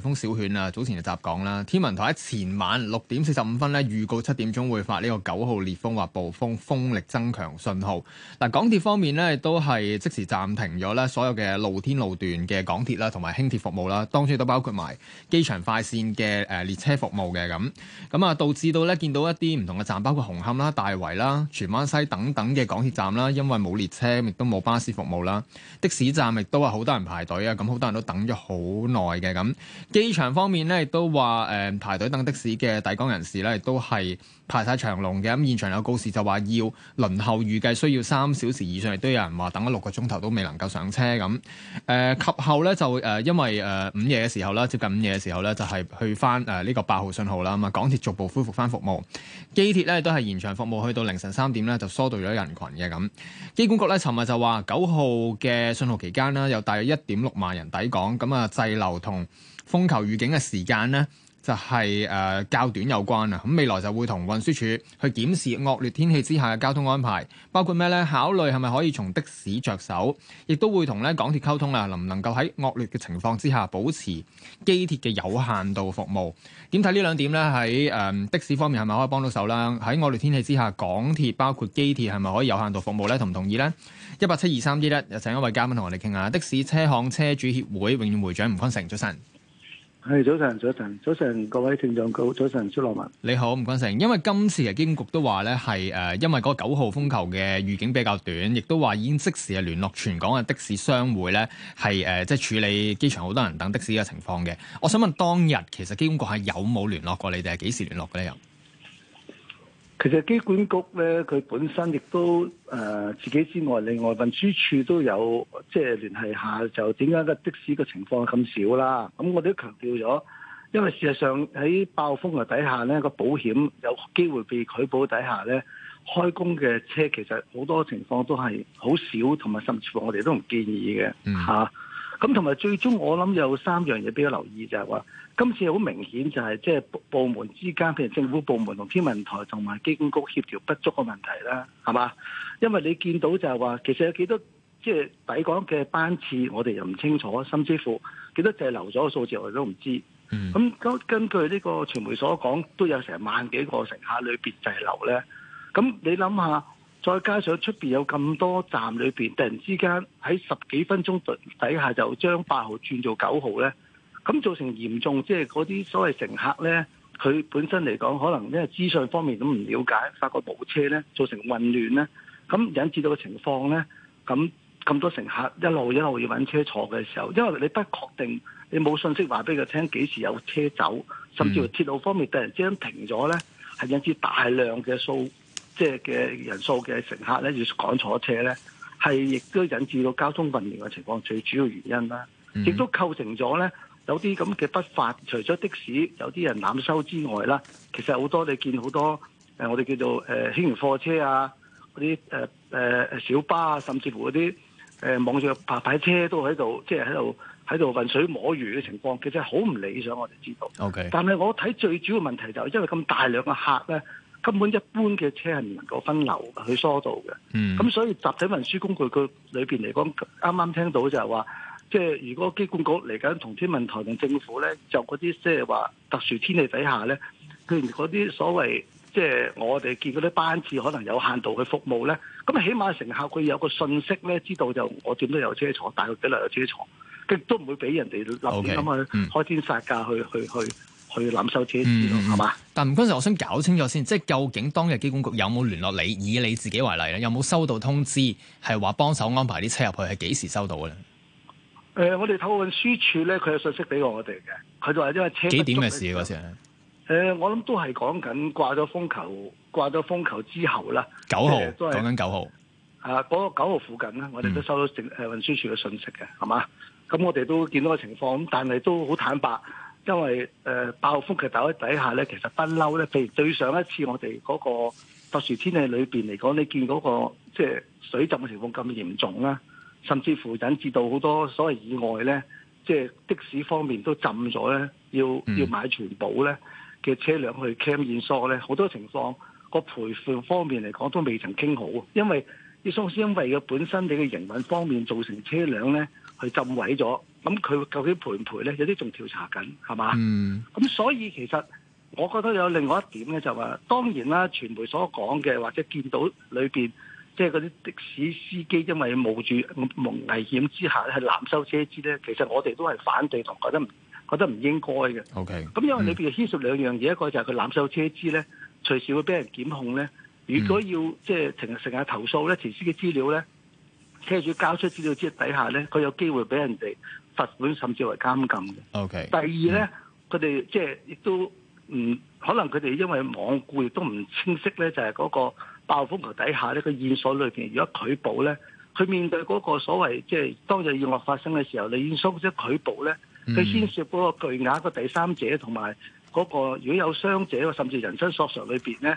颱風小犬啊，早前就集講啦。天文台喺前晚六點四十五分呢預告七點鐘會發呢個九號烈風或暴風風力增強信號。嗱，港鐵方面呢，亦都係即時暫停咗呢所有嘅露天路段嘅港鐵啦，同埋輕鐵服務啦。當中亦都包括埋機場快線嘅誒列車服務嘅咁。咁啊，導致到呢，見到一啲唔同嘅站，包括紅磡啦、大圍啦、荃灣西等等嘅港鐵站啦，因為冇列車亦都冇巴士服務啦，的士站亦都係好多人排隊啊。咁好多人都等咗好耐嘅咁。機場方面咧，亦都話誒、呃、排隊等的士嘅抵港人士咧，亦都係排晒長龍嘅。咁現場有告示就話要輪候，預計需要三小時以上，亦都有人話等咗六個鐘頭都未能夠上車咁。誒、呃、及後咧就誒、呃，因為誒、呃、午夜嘅時候啦，接近午夜嘅時候咧，就係、是、去翻誒呢個八號信號啦。咁啊，港鐵逐步恢復翻服務，機鐵咧都係延長服務，去到凌晨三點咧就疏導咗人群嘅咁。機管局咧尋日就話九號嘅信號期間啦，有大約一點六萬人抵港，咁啊滯留同。風球預警嘅時間呢、就係，就係誒較短有關啦。咁未來就會同運輸署去檢視惡劣天氣之下嘅交通安排，包括咩呢？考慮係咪可以從的士着手，亦都會同咧港鐵溝通啊，能唔能夠喺惡劣嘅情況之下保持機鐵嘅有限度服務？點睇呢兩點呢？喺、呃、的士方面係咪可以幫到手啦？喺惡劣天氣之下，港鐵包括機鐵係咪可以有限度服務呢？同唔同意呢？一八七二三一一有請一位嘉賓同我哋傾下，的士車行車主協會永遠會長吳坤成，早晨。係早晨，早晨，早晨，各位聽眾早晨，朱樂文。你好，吳坤成。因為今次啊，機管局都話咧係誒，因為嗰個九號風球嘅預警比較短，亦都話已經即時係聯絡全港嘅的、的士商會咧，係誒即係處理機場好多人等的士嘅情況嘅。我想問當日其實機管局係有冇聯絡過你哋，係幾時聯絡嘅咧又？其實機管局咧，佢本身亦都誒、呃、自己之外，另外運輸署都有即係聯繫下，就點解個的士個情況咁少啦？咁我哋都強調咗，因為事實上喺暴風嘅底下咧，個保險有機會被拒保底下咧，開工嘅車其實好多情況都係好少，同埋甚至乎我哋都唔建議嘅吓。啊嗯咁同埋最終，我諗有三樣嘢比較留意就係話，今次好明顯就係即係部門之間，譬如政府部門同天文台同埋機管局協調不足嘅問題啦，係嘛？因為你見到就係話，其實有幾多即係抵港嘅班次，我哋又唔清楚，甚至乎幾多滯留咗嘅數字我哋都唔知。咁、mm. 根根據呢個傳媒所講，都有成萬幾個乘客裏邊滯留咧。咁你諗下？再加上出邊有咁多站裏邊突然之間喺十幾分鐘底下就將八號轉做九號咧，咁造成嚴重，即係嗰啲所謂乘客咧，佢本身嚟講可能因為資訊方面咁唔了解，發覺部車咧，造成混亂咧，咁引致到個情況咧，咁咁多乘客一路一路要揾車坐嘅時候，因為你不確定，你冇信息話俾佢聽幾時有車走，甚至乎鐵路方面突然之間停咗咧，係引致大量嘅數。即係嘅人數嘅乘客咧要趕坐車咧，係亦都引致到交通混亂嘅情況，最主要原因啦。亦都構成咗咧有啲咁嘅不法，除咗的士有啲人濫收之外啦，其實好多你見好多誒我哋叫做誒輕型貨車啊嗰啲，誒誒小巴啊，甚至乎嗰啲誒網上白牌車都喺度即係喺度喺度混水摸魚嘅情況，其實好唔理想我哋知道。OK，但係我睇最主要問題就係因為咁大量嘅客咧。根本一般嘅車係唔能夠分流去疏導嘅，咁、mm. 嗯、所以集體運輸工具佢裏邊嚟講，啱啱聽到就係話，即係如果機管局嚟緊同天文台同政府咧，就嗰啲即係話特殊天氣底下咧，譬如嗰啲所謂即係我哋見嗰啲班次可能有限度去服務咧，咁起碼乘客佢有個信息咧，知道就我點都有車坐，大概幾耐有車坐，佢都唔會俾人哋立亂咁去開天殺價去去、okay. mm. 去。去去諗收車資咯，係、嗯、嘛？但唔該，我想搞清楚先，即係究竟當日機管局有冇聯絡你？以你自己為例咧，有冇收到通知係話幫手安排啲車入去？係幾時收到嘅咧？誒、呃，我哋透過運輸處咧，佢有信息俾我哋嘅。佢就話因為車幾點嘅事嗰陣？誒、呃，我諗都係講緊掛咗風球，掛咗風球之後啦。九號講緊九號啊，嗰、那個九號附近咧，我哋都收到政誒運輸處嘅信息嘅，係、嗯、嘛？咁我哋都見到個情況，咁但係都好坦白。因為、呃、暴風嘅大喺底下咧，其實不嬲咧。譬如對上一次我哋嗰個特殊天氣裏面嚟講，你見嗰、那個即係、就是、水浸嘅情況咁嚴重啦、啊，甚至乎引致到好多所謂意外咧，即、就、係、是、的士方面都浸咗咧，要要買全保咧嘅車輛去 claim insurance 咧，好多情況個賠付方面嚟講都未曾傾好，因為啲喪屍因為佢本身你嘅營運方面造成車輛咧去浸毀咗。咁佢究竟賠唔賠咧？有啲仲調查緊，係嘛？咁、嗯嗯、所以其實我覺得有另外一點咧，就係、是，當然啦，傳媒所講嘅或者見到裏面，即係嗰啲的士司機因為冒住蒙危險之下係攬收車資咧，其實我哋都係反對同覺得覺得唔應該嘅。OK，咁因為裏面牽涉兩樣嘢、嗯，一個就係佢攬收車資咧，隨時會俾人檢控咧。如果要、嗯、即係成成日投訴咧，前司機資料咧，車主交出資料之底下咧，佢有機會俾人哋。罰款甚至為監禁嘅。O、okay, K. 第二咧，佢、嗯、哋即係亦都唔、嗯、可能佢哋因為罔顧亦都唔清晰咧，就係、是、嗰個暴風球底下咧，個現所裏邊如果拒捕咧，佢面對嗰個所謂即係當日意外發生嘅時候，你或者拒捕咧，佢牽涉嗰個巨額個第三者同埋嗰個如果有傷者甚至人身索償裏邊咧，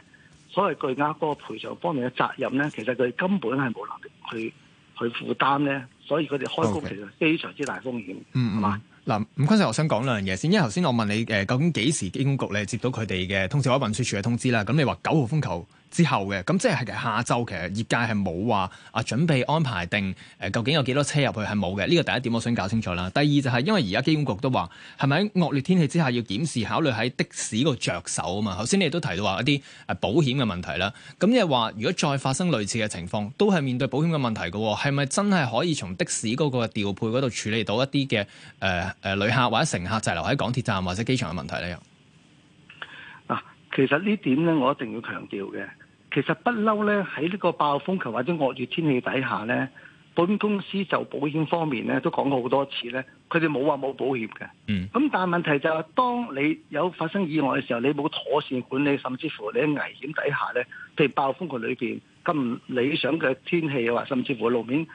所謂巨額嗰個賠償方面嘅責任咧，其實佢根本係冇能力去。佢負擔咧，所以佢哋開工其實非常之大風險，係、okay. 嘛？嗱、嗯，咁坤成，我想講兩樣嘢先，因為頭先我問你誒，究竟幾時機管局咧接到佢哋嘅通訊或運輸署嘅通知啦？咁你話九號風球。之後嘅咁即係下週，其實業界係冇話啊準備安排定、呃、究竟有幾多車入去係冇嘅？呢、呢個第一點我想搞清楚啦。第二就係因為而家機管局都話，係咪喺惡劣天氣之下要檢視考慮喺的士個着手啊嘛？頭先你都提到話一啲保險嘅問題啦。咁即係話，如果再發生類似嘅情況，都係面對保險嘅問題嘅喎。係咪真係可以從的士嗰個調配嗰度處理到一啲嘅旅客或者乘客滯留喺港鐵站或者機場嘅問題咧？其實呢點咧，我一定要強調嘅。其實不嬲咧，喺呢個暴風球或者惡劣天氣底下咧，保險公司就保險方面咧，都講過好多次咧。佢哋冇話冇保險嘅。嗯。咁但係問題就係，當你有發生意外嘅時候，你冇妥善管理，甚至乎你喺危險底下咧，譬如暴風球裏邊咁理想嘅天氣嘅話，甚至乎路面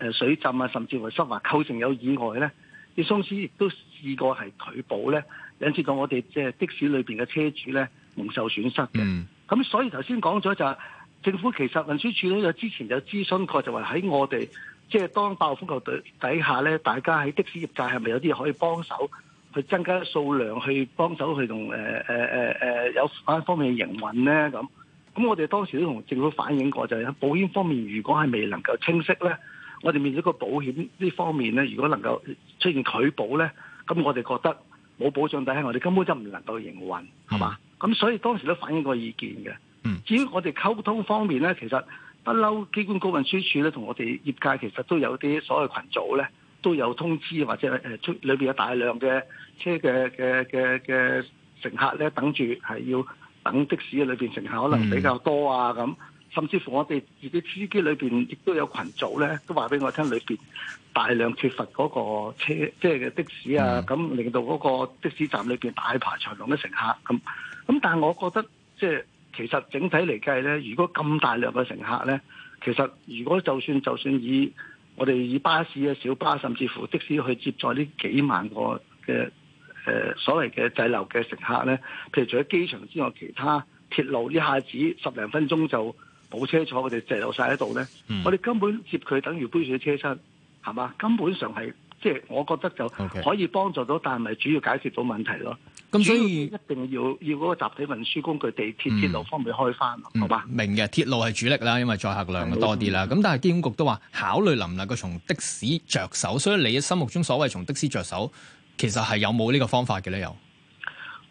誒水浸啊，甚至乎濕滑，構成有意外咧，你公司亦都試過係拒保咧。引致到我哋即係的士裏邊嘅車主咧。蒙受損失嘅，咁、嗯、所以頭先講咗就係政府其實運輸署咧，就之前有諮詢過，就話喺我哋即係當八號風球底下咧，大家喺的士業界係咪有啲嘢可以幫手去增加數量，去幫手去同誒誒誒誒有嗰方面嘅營運咧？咁咁我哋當時都同政府反映過，就係保險方面，如果係未能夠清晰咧，我哋面對個保險呢方面咧，如果能夠出現拒保咧，咁我哋覺得冇保障底下，我哋根本就唔能夠營運，係、嗯、嘛？咁、嗯、所以當時都反映過意見嘅。至於我哋溝通方面咧，其實不嬲，機管局運輸署咧同我哋業界其實都有啲所謂群組咧，都有通知或者誒出裏邊有大量嘅車嘅嘅嘅嘅乘客咧，等住係要等的士裏邊乘客可能比較多啊咁。嗯甚至乎我哋自己司機裏邊亦都有群組咧，都話俾我聽裏邊大量缺乏嗰個車，即係嘅的士啊，咁、mm -hmm. 令到嗰個的士站裏邊大排長龍嘅乘客咁。咁但係我覺得即係其實整體嚟計咧，如果咁大量嘅乘客咧，其實如果就算就算以我哋以巴士啊、小巴，甚至乎的士去接載呢幾萬個嘅誒、呃、所謂嘅滯留嘅乘客咧，譬如除咗機場之外，其他鐵路一下子十零分鐘就～冇車坐，我哋滯留晒喺度咧。我哋根本接佢，等於杯水車薪，係、嗯、嘛？根本上係即係，就是、我覺得就可以幫助到，okay. 但係咪主要解決到問題咯。咁所以一定要要嗰個集體運輸工具，地鐵、嗯、鐵路方面開翻、嗯，好吧？嗯、明嘅鐵路係主力啦，因為載客量多啲啦。咁、嗯、但係機管局都話考慮能唔能夠從的士着手，所以你心目中所謂從的士着手，其實係有冇呢個方法嘅咧？有。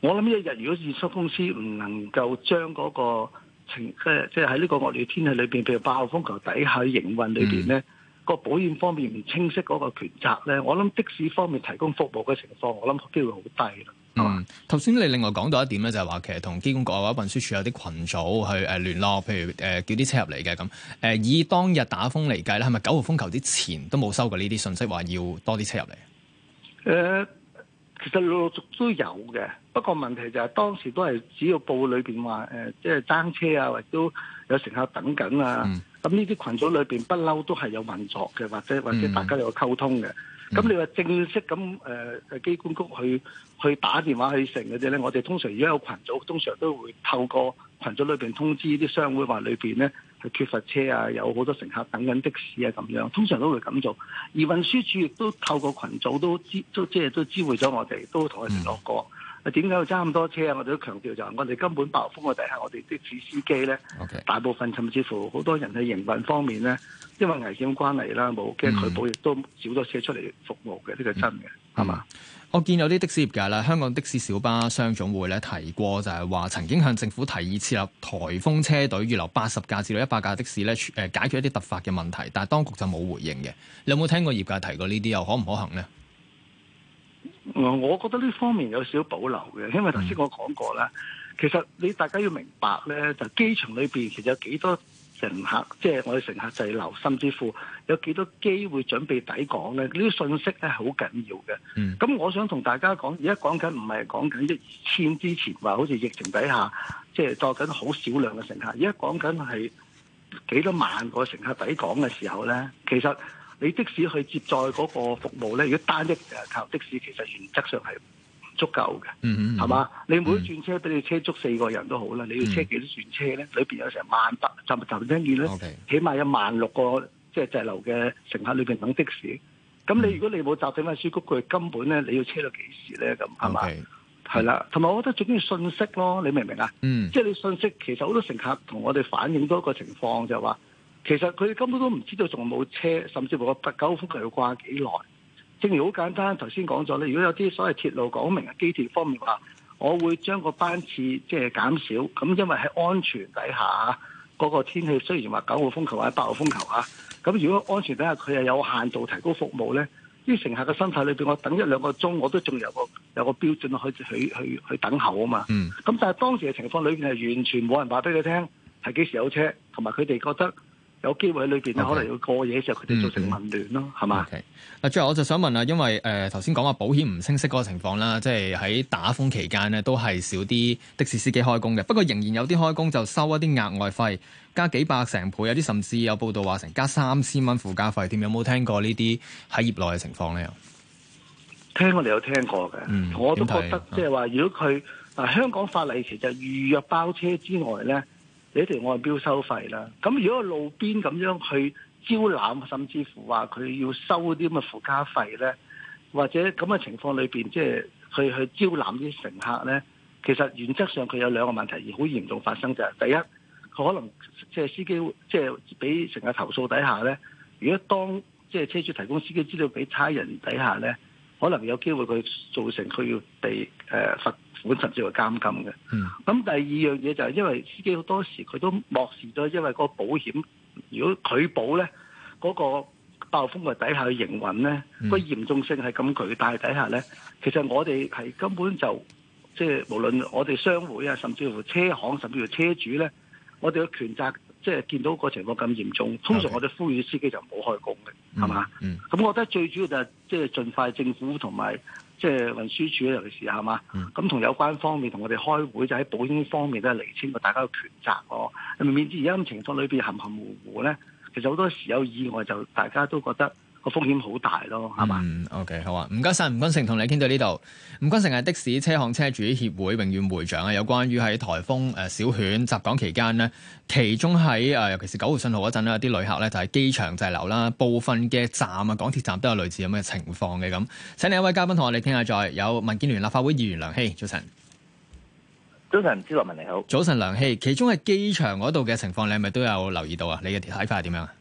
我諗一日，如果業績公司唔能夠將嗰個即係即係喺呢個惡劣天氣裏邊，譬如八號風球底下營運裏邊咧，個、嗯、保險方面唔清晰嗰個權責咧，我諗的士方面提供服務嘅情況，我諗機會好低啦。嗯，頭先你另外講到一點咧，就係話其實同機管局或者運輸署有啲群組去誒聯絡，譬如誒、呃、叫啲車入嚟嘅咁。誒、呃，以當日打風嚟計咧，係咪九號風球之前都冇收過呢啲信息，話要多啲車入嚟？誒、呃。其實陸陸續續都有嘅，不過問題就係當時都係只要報裏邊話誒，即係爭車啊，或者都有乘客等緊啊。咁呢啲群組裏邊不嬲都係有運作嘅，或者或者大家有個溝通嘅。咁你話正式咁誒誒，機管局去去打電話去成嗰啲咧，我哋通常如果有群組，通常都會透過群組裏邊通知啲商會話裏邊咧，缺乏車啊，有好多乘客等緊的士啊，咁樣通常都會咁做。而運輸署亦都透過群組都知，都即係都，都知會咗我哋，都同佢哋聯絡過。嗯啊，點解要揸咁多車啊？我哋都強調就係，我哋根本暴風嘅底下，我哋啲的士司機咧，okay. 大部分甚至乎好多人喺營運方面咧，因為危險關係啦，冇驚佢保，亦都少咗車出嚟服務嘅，呢、嗯、個真嘅，係嘛、嗯？我見有啲的士業界啦，香港的士小巴商總會咧提過就是說，就係話曾經向政府提議設立颱風車隊，預留八十架至到一百架的士咧，誒解決一啲突發嘅問題，但係當局就冇回應嘅。你有冇聽過業界提過呢啲又可唔可行咧？我覺得呢方面有少保留嘅，因為頭先我講過啦，其實你大家要明白咧，就是、機場裏邊其實有幾多人客、就是、乘客，即係我哋乘客滯留，甚至乎有幾多機會準備抵港咧，呢啲信息咧係好緊要嘅。咁、mm. 我想同大家講，而家講緊唔係講緊一千之前話好似疫情底下，即、就、係、是、多緊好少量嘅乘客，而家講緊係幾多萬個乘客抵港嘅時候咧，其實。你的士去接載嗰個服務咧，如果單一誒靠的士，其實原則上係唔足夠嘅，係、嗯、嘛、嗯？你每一轉車，俾、嗯、你車足四個人都好啦，你要車幾多轉車咧？裏、嗯、邊有成萬百站站，你聽見咧，呢 okay. 起碼有萬六個即係滯留嘅乘客裏邊等的士。咁、嗯、你如果你冇集體翻書局，佢根本咧你要車到幾時咧？咁係嘛？係、okay. 啦，同埋我覺得最緊要信息咯，你明唔明啊？即係你信息其實好多乘客同我哋反映到一個情況就係、是、話。其實佢根本都唔知道仲冇車，甚至乎個八九風球要掛幾耐。正如好簡單，頭先講咗咧，如果有啲所謂鐵路講明啊，機鐵方面話，我會將個班次即係減少。咁因為喺安全底下，嗰、那個天氣雖然話九號風球或者八號風球啊，咁如果安全底下佢係有限度提高服務咧，啲乘客嘅心態裏邊，我等一兩個鐘我都仲有個有個標準去去去去等候啊嘛。咁、嗯、但係當時嘅情況裏邊係完全冇人話俾佢聽，係幾時有車，同埋佢哋覺得，有機會喺裏邊可能要過夜嘅時候，佢哋造成混亂咯，係嘛？mm-hmm。嗱、okay，最後我就想問啊，因為誒頭先講話保險唔清晰嗰個情況啦，即係喺打風期間呢，都係少啲的士司機開工嘅。不過仍然有啲開工就收一啲額外費，加幾百成倍，有啲甚至有報道話成加三千蚊附加費。點有冇聽過呢啲喺業內嘅情況咧？聽我哋有聽過嘅、嗯，我都覺得即係話，如果佢啊香港法例其實預約包車之外咧。你哋按表收費啦，咁如果路邊咁樣去招攬，甚至乎話佢要收啲咁嘅附加費咧，或者咁嘅情況裏邊，即係佢去招攬啲乘客咧，其實原則上佢有兩個問題而好嚴重發生，就係第一，佢可能即係司機即係俾乘客投訴底下咧，如果當即係車主提供司機資料俾差人底下咧，可能有機會佢造成佢要被誒、呃、罰。本甚至係監禁嘅。咁、嗯、第二樣嘢就係因為司機好多時佢都漠視咗，因為嗰個保險如果拒保咧，嗰、嗰個暴風嘅底下嘅營運咧，嗯嗰個嚴重性係咁巨大底下咧，其實我哋係根本就即係、即係、無論我哋商會啊，甚至乎車行，甚至乎車主咧，我哋嘅權責即係、即係、見到嗰個情況咁嚴重，通常我哋呼籲司機就唔好開工嘅，係、嗯、嘛？咁、嗯、我覺得最主要就係即係儘快政府同埋。 即係運輸處咧，尤其是係嘛，咁同有關方面同我哋開會，就喺保險方面都係釐清個大家嘅權責，你咁免知而家咁情況裏邊含含糊糊咧，其實好多時有意外就大家都覺得。個風險好大咯，係、嗯、嘛？嗯，OK，好啊。唔該晒，吳坤成同你傾到呢度。吳坤成係的士車行車主協會永遠會長啊。有關於喺颱風誒、呃、小犬襲港期間呢，其中喺誒、呃、尤其是九號信號嗰陣咧，啲旅客咧就係、是、機場滯留啦，部分嘅站啊，港鐵站都有類似咁嘅情況嘅咁。請另一位嘉賓同我哋傾下，再有民建聯立法會議員梁熙，早晨。早晨，朱樂文你好。早晨，梁熙，其中喺機場嗰度嘅情況，你係咪都有留意到啊？你嘅睇法係點樣啊？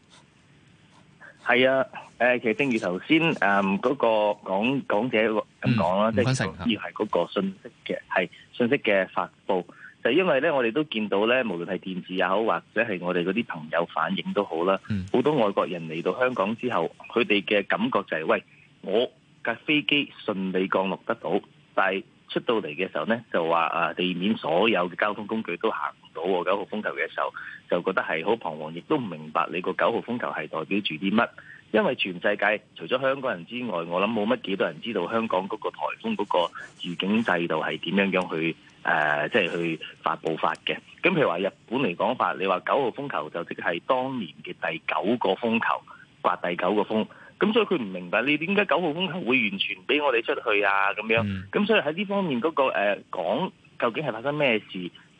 係啊。誒，其實正如頭先誒嗰個講講者咁講啦，即係要係嗰個信息嘅係信息嘅發布，就因為咧，我哋都見到咧，無論係電視也好，或者係我哋嗰啲朋友反映都好啦。好多外國人嚟到香港之後，佢哋嘅感覺就係喂，我架飛機順利降落得到，但係出到嚟嘅時候咧，就話啊地面所有嘅交通工具都行唔到九號風球嘅時候，就覺得係好彷徨，亦都唔明白你個九號風球係代表住啲乜。因為全世界除咗香港人之外，我諗冇乜幾多人知道香港嗰個颱風嗰個預警制度係點樣樣去誒，即、呃、係、就是、去發佈法嘅。咁譬如話日本嚟講法，你話九號風球就即係當年嘅第九個風球，刮第九個風。咁所以佢唔明白你點解九號風球會完全俾我哋出去啊？咁樣咁所以喺呢方面嗰、那個誒講、呃、究竟係發生咩事，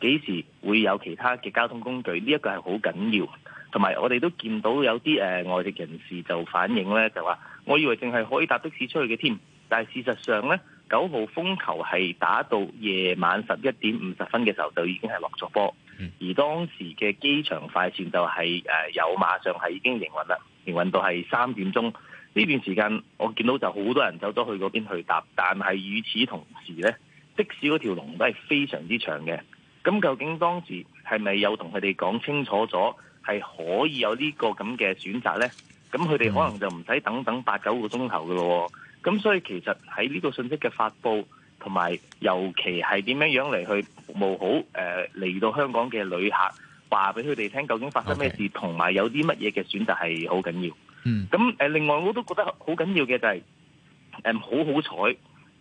幾時會有其他嘅交通工具？呢、這、一個係好緊要。同埋，我哋都見到有啲誒、呃、外籍人士就反映呢，就話，我以為淨係可以搭的士出去嘅添，但係事實上呢，九號風球係打到夜晚十一點五十分嘅時候，就已經係落咗波。而當時嘅機場快線就係誒有馬上係已經營運啦，營運到係三點鐘。呢段時間我見到就好多人走咗去嗰邊去搭，但係與此同時呢，的士嗰條龍都係非常之長嘅。咁究竟當時？係咪有同佢哋講清楚咗係可以有呢個咁嘅選擇呢？咁佢哋可能就唔使等等八九個鐘頭嘅咯。咁所以其實喺呢個信息嘅發布同埋，尤其係點樣樣嚟去服務好誒呃嚟到香港嘅旅客，話俾佢哋聽究竟發生咩事，同埋，okay. 有啲乜嘢嘅選擇係好緊要。嗯。咁誒，另外我都覺得好緊要嘅就係好好彩，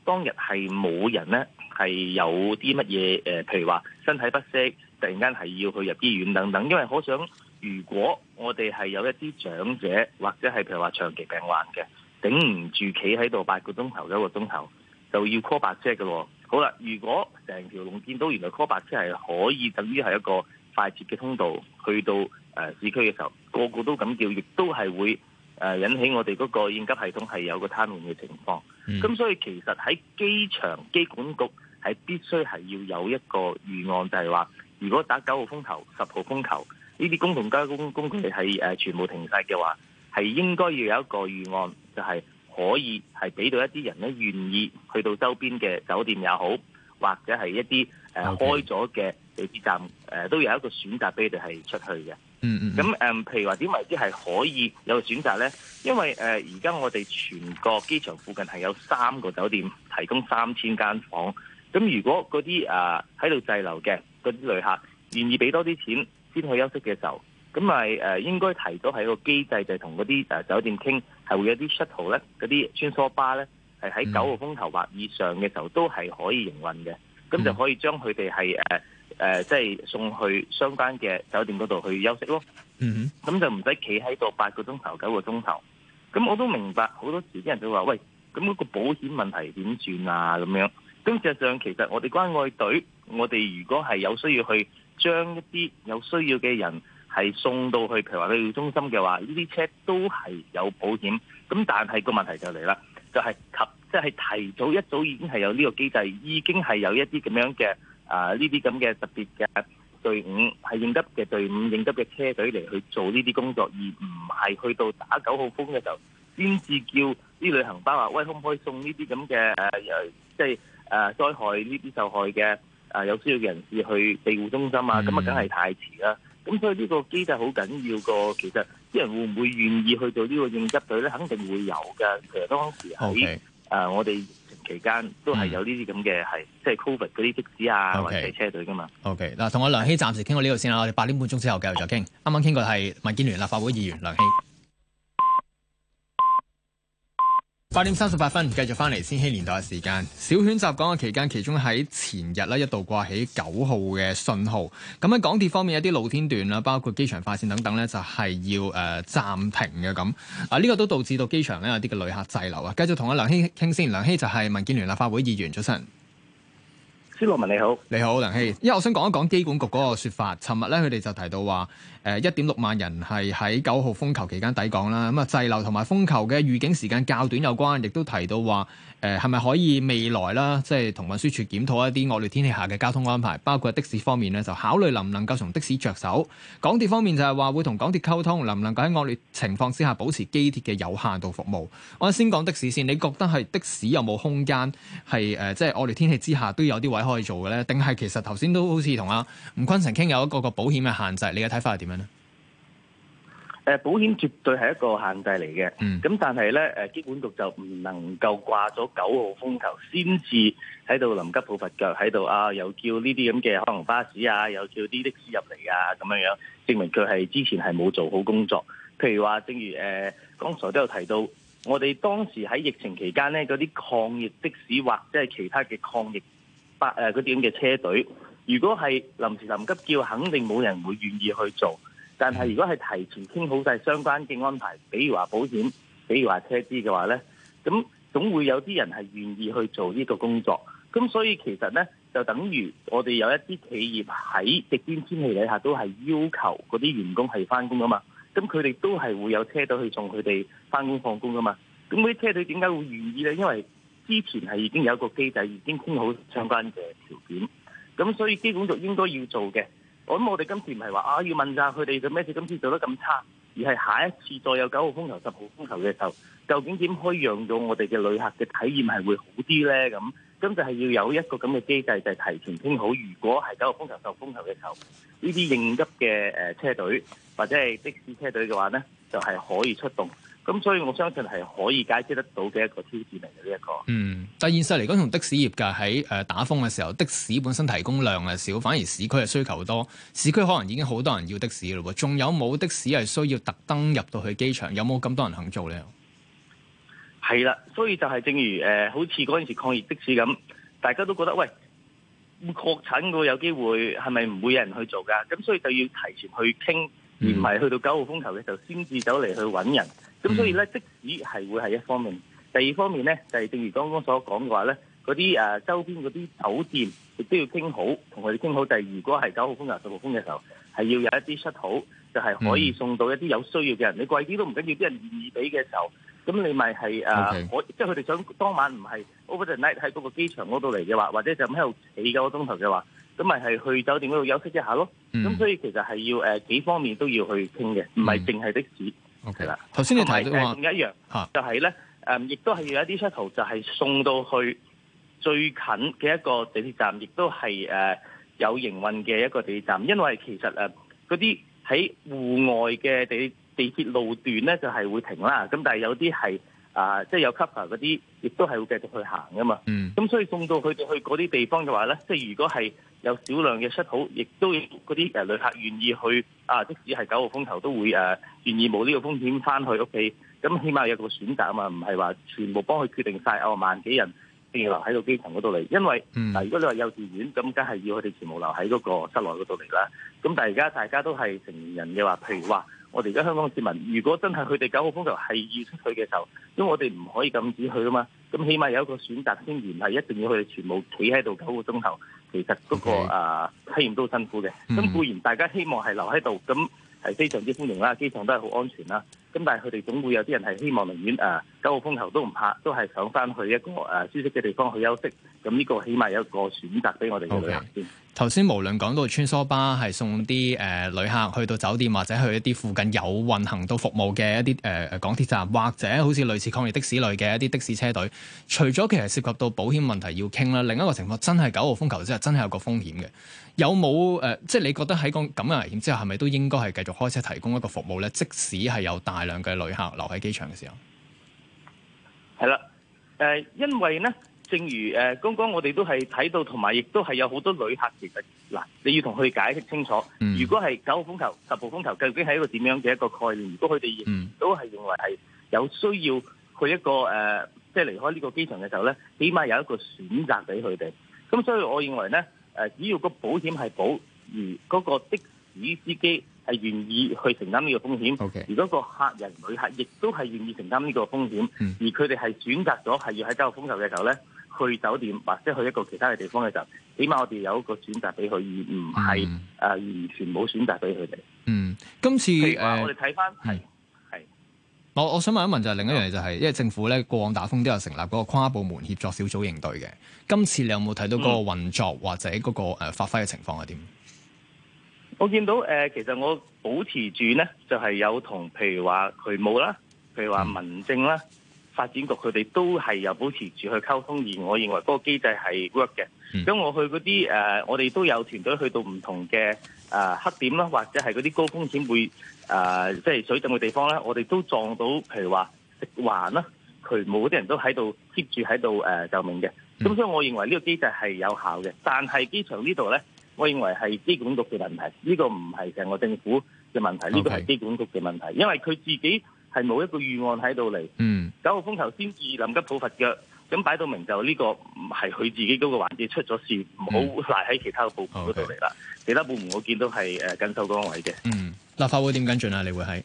當日係冇人呢，係有啲乜嘢譬如話身體不適。突然間係要去入醫院等等，因為可想，如果我哋係有一啲長者或者係譬如話長期病患嘅，頂唔住企喺度八個鐘頭、九個鐘頭，就要 call 白車嘅喎。好啦，如果成條龍見到原來 call 白車係可以等於係一個快捷嘅通道去到誒市區嘅時候，個個都咁叫，亦都係會誒引起我哋嗰個應急系統係有個癱瘓嘅情況。咁、mm. 所以其實喺機場機管局係必須係要有一個預案，就係話。如果打九號風球、十號風球，呢啲公共交通工具係誒全部停晒嘅話，係應該要有一個預案，就係、是、可以係俾到一啲人咧願意去到周邊嘅酒店也好，或者係一啲誒、呃 okay. 開咗嘅地鐵站誒，都有一個選擇俾佢哋係出去嘅。嗯、mm、嗯 -hmm.。咁、呃、誒，譬如話點為之係可以有個選擇咧？因為誒而家我哋全國機場附近係有三個酒店提供三千間房，咁如果嗰啲誒喺度滯留嘅。嗰啲旅客願意俾多啲錢先去休息嘅時候，咁咪誒應該提到喺個機制就係同嗰啲誒酒店傾，係會有啲 shuttle 呢、嗰啲穿梭巴咧，係喺九個鐘頭或以上嘅時候都係可以營運嘅，咁就可以將佢哋係誒誒即係送去相關嘅酒店嗰度去休息咯。嗯咁就唔使企喺個八個鐘頭、九個鐘頭。咁我都明白好多時啲人都會話，喂，咁嗰個保險問題點算啊？咁樣。咁事實上，其實我哋關愛隊，我哋如果係有需要去將一啲有需要嘅人係送到去，譬如話醫療中心嘅話，呢啲車都係有保險。咁但係個問題就嚟啦，就係、是、及即係、就是、提早一早已經係有呢個機制，已經係有一啲咁樣嘅啊呢啲咁嘅特別嘅隊伍係應急嘅隊伍、應急嘅車隊嚟去做呢啲工作，而唔係去到打九號風嘅時候。先至叫啲旅行包啊，喂，可唔可以送呢啲咁嘅誒，即係誒災害呢啲受害嘅誒有需要嘅人士去庇護中心啊？咁啊，梗係太遲啦。咁所以呢個機制好緊要個。其實啲人會唔會願意去做呢個應急隊咧？肯定會有噶。其實當時喺誒我哋疫情期間都係有呢啲咁嘅係即係 Covid 嗰啲的士啊或者車隊噶嘛。O K。嗱，同我梁熙暫時傾過呢度先啦。我哋八點半鐘之後繼續再傾。啱啱傾過係民建聯立法會議員梁熙。八點三十八分，繼續翻嚟先。希年代嘅時間，小犬襲港嘅期間，其中喺前日呢一度掛起九號嘅信號。咁喺港鐵方面，有啲露天段啦，包括機場快線等等呢就係、是、要誒暫、呃、停嘅咁。啊，呢、這個都導致到機場呢有啲嘅旅客滯留啊。繼續同阿梁熙傾先，梁熙就係民建聯立法會議員，早晨。朱樂文，你好，你好梁熙。因為我想講一講機管局嗰個說法。尋日咧，佢哋就提到話，誒、呃，一點六萬人係喺九號風球期間抵港啦。咁啊，滯留同埋風球嘅預警時間較短有關，亦都提到話，誒、呃，係咪可以未來啦，即係同運輸處檢討一啲惡劣天氣下嘅交通安排，包括的士方面咧，就考慮能唔能夠從的士着手。港鐵方面就係話會同港鐵溝通，能唔能夠喺惡劣情況之下保持機鐵嘅有限度服務。我先講的士先，你覺得係的士有冇空間係誒，即係惡劣天氣之下都有啲位？可以做嘅咧，定係其實頭先都好似同阿吳坤成傾，有一個個保險嘅限制，你嘅睇法係點樣咧？誒，保險絕對係一個限制嚟嘅。咁、嗯、但係咧，誒，機管局就唔能夠掛咗九號風球，先至喺度臨急抱佛腳喺度啊，又叫呢啲咁嘅可能巴士啊，又叫的士入嚟啊，咁樣樣證明佢係之前係冇做好工作。譬如話，正如誒剛、呃、才都有提到，我哋當時喺疫情期間咧，嗰啲抗疫的士或者係其他嘅抗疫。百嗰啲咁嘅車隊，如果係臨時臨急叫，肯定冇人會願意去做。但係如果係提前傾好晒相關嘅安排，比如話保險，比如話車資嘅話呢，咁總會有啲人係願意去做呢個工作。咁所以其實呢，就等於我哋有一啲企業喺極端天氣底下都係要求嗰啲員工係翻工噶嘛。咁佢哋都係會有車隊去送佢哋翻工放工噶嘛。咁啲車隊點解會願意呢？因為之前係已經有一個機制，已經傾好相關嘅條件，咁所以基本就應該要做嘅。咁我哋今次唔係話啊要問責佢哋嘅咩？佢今次做得咁差，而係下一次再有九號風球、十號風球嘅時候，究竟點可以讓到我哋嘅旅客嘅體驗係會好啲呢？咁咁就係要有一個咁嘅機制，就係、是、提前傾好，如果係九號風球、十號風球嘅時候，呢啲應急嘅誒車隊或者係的士車隊嘅話呢就係、是、可以出動。咁所以我相信係可以解釋得到嘅一個挑戰嚟嘅呢一個。嗯，但係現實嚟講，同的士業嘅喺誒打風嘅時候，的士本身提供量係少，反而市區嘅需求多。市區可能已經好多人要的士嘞喎，仲有冇的士係需要特登入到去機場？有冇咁多人肯做咧？係啦，所以就係正如誒，好似嗰陣時抗疫的士咁，大家都覺得喂，會確診嘅有機會係咪唔會有人去做㗎？咁所以就要提前去傾，而唔係去到九號風球嘅時候先至走嚟去揾人。咁、嗯、所以咧，的士係會係一方面。第二方面咧，就係、是、正如剛剛所講嘅話咧，嗰啲誒周邊嗰啲酒店亦都要傾好，同佢哋傾好。就係如果係九號風球、十號風嘅時候，係要有一啲出好，就係、是、可以送到一啲有需要嘅人、嗯。你貴啲都唔緊要，啲人願意俾嘅時候，咁你咪係誒，我即係佢哋想當晚唔係 overnight 喺嗰個機場嗰度嚟嘅話，或者就喺度企九個鐘頭嘅話，咁咪係去酒店嗰度休息一下咯。咁、嗯、所以其實係要誒幾方面都要去傾嘅，唔係淨係的士。O.K. 啦，頭先你提到誒，唔一樣，啊、就係咧誒，亦、嗯、都係有一啲出圖，就係送到去最近嘅一個地鐵站，亦都係誒、呃、有營運嘅一個地鐵站，因為其實誒嗰啲喺戶外嘅地地鐵路段咧，就係、是、會停啦，咁但係有啲係。啊，即係有 cover 嗰啲，亦都係會繼續去行噶嘛。咁、嗯、所以送到佢哋去嗰啲地方嘅話咧，即係如果係有少量嘅出口，亦都嗰啲誒旅客願意去啊，即使係九號風球都會誒、啊、願意冇呢個風險翻去屋企，咁起碼有個選擇啊嘛，唔係話全部幫佢決定晒哦萬幾人定要留喺個機場嗰度嚟，因為嗱、嗯啊、如果你話幼稚園咁，梗係要佢哋全部留喺嗰個室內嗰度嚟啦。咁但係而家大家都係成年人嘅話，譬如話。我哋而家香港市民，如果真係佢哋九個鐘頭係要出去嘅時候，因為我哋唔可以禁止佢啊嘛，咁起碼有一個選擇先，而唔係一定要佢哋全部企喺度九個鐘頭，其實嗰、嗰個啊、okay. 呃、體驗都辛苦嘅。咁固然大家希望係留喺度，咁係非常之歡迎啦，機場都係好安全啦。咁但係佢哋總會有啲人係希望寧願啊九號風球都唔怕，都係上翻去一個舒適嘅地方去休息。咁呢個起碼有一個選擇俾我哋。行、okay. 頭先無論講到穿梭巴係送啲、呃、旅客去到酒店或者去一啲附近有運行到服務嘅一啲、呃、港鐵站，或者好似類似抗疫的士類嘅一啲的士車隊，除咗其實涉及到保險問題要傾啦，另一個情況真係九號風球之後真係有個風險嘅。有冇即係你覺得喺個咁嘅危險之後，係咪都應該係繼續開車提供一個服務咧？即使係有大大量嘅旅客留喺機場嘅時候，係啦，誒，因為咧，正如誒，剛剛我哋都係睇到，同埋亦都係有好多旅客，其實嗱，你要同佢解釋清楚，如果係九號風球、十號風球，究竟係一個點樣嘅一個概念？如果佢哋都係認為係有需要去一個誒，即係離開呢個機場嘅時候咧，起碼有一個選擇俾佢哋。咁所以我認為咧，誒，只要個保險係保，而嗰個的士司機。係願意去承擔呢個風險，okay. 如果個客人旅客亦都係願意承擔呢個風險，嗯、而佢哋係選擇咗係要喺交度風球嘅時候咧，去酒店或者去一個其他嘅地方嘅時候，起碼我哋有一個選擇俾佢、嗯，而唔係誒完全冇選擇俾佢哋。嗯，今次誒、嗯，我哋睇翻係係我我想問一問就係另一樣嘢就係、是，因為政府咧過往打風都有成立嗰個跨部門協作小組應對嘅，今次你有冇睇到嗰個運作或者嗰個誒發揮嘅情況係點？嗯。我見到誒、呃，其實我保持住咧，就係、是、有同，譬如話渠務啦，譬如話民政啦、發展局，佢哋都係有保持住去溝通，而我認為嗰個機制係 work 嘅。咁、嗯、我去嗰啲誒，我哋都有團隊去到唔同嘅誒、呃、黑點啦，或者係嗰啲高風險會誒，即、呃、係水浸嘅地方咧，我哋都撞到譬如話食環啦、渠務嗰啲人都喺度 keep 住喺度誒救命嘅。咁、嗯、所以，我認為呢個機制係有效嘅，但係機場呢度咧。我認為係機管局嘅問題，呢、這個唔係成個政府嘅問題，呢、okay. 個係機管局嘅問題，因為佢自己係冇一個預案喺度嚟。嗯，九號風頭先至臨急補發嘅，咁擺到明就呢個係佢自己嗰個環節出咗事，唔好賴喺其他嘅部門嗰度嚟啦。其他部門、okay. 我見到係誒緊守崗位嘅。嗯，立法會點跟進啊？你會喺誒、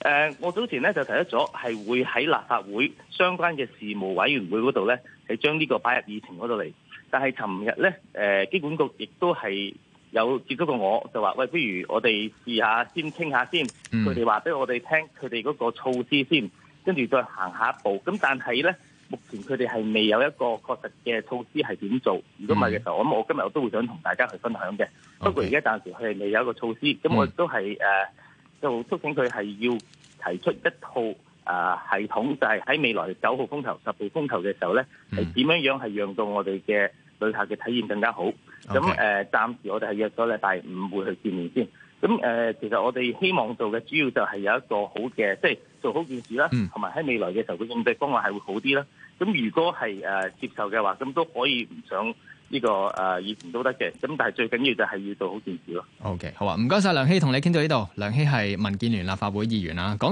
呃，我早前咧就提出咗，係會喺立法會相關嘅事務委員會嗰度咧，係將呢個擺入議程嗰度嚟。但係，尋日咧，誒，機管局亦都係有接觸過我，就話：喂，不如我哋試下先傾下先。佢哋話俾我哋聽，佢哋嗰個措施先，跟住再行下一步。咁但係咧，目前佢哋係未有一個確實嘅措施係點做。如果唔係嘅時候，我我今日我都會想同大家去分享嘅。不過而家暫時佢哋未有一個措施，咁我亦都係誒，就促請佢係要提出一套誒系統，就係喺未來九號風球、十號風球嘅時候咧，係點樣樣係讓到我哋嘅旅客嘅體驗更加好，咁誒暫時我哋係約咗禮拜五會去見面先。咁、呃、誒，其實我哋希望做嘅主要就係有一個好嘅，即係做好件事啦，同埋喺未來嘅時候嘅應對方案係會好啲啦。咁如果係誒接受嘅話，咁都可以唔上呢個誒、呃、以前都得嘅。咁但係最緊要就係要做好件事咯。OK，好啊，唔該晒，梁希，同你傾到呢度。梁希係民建聯立法會議員啊，講。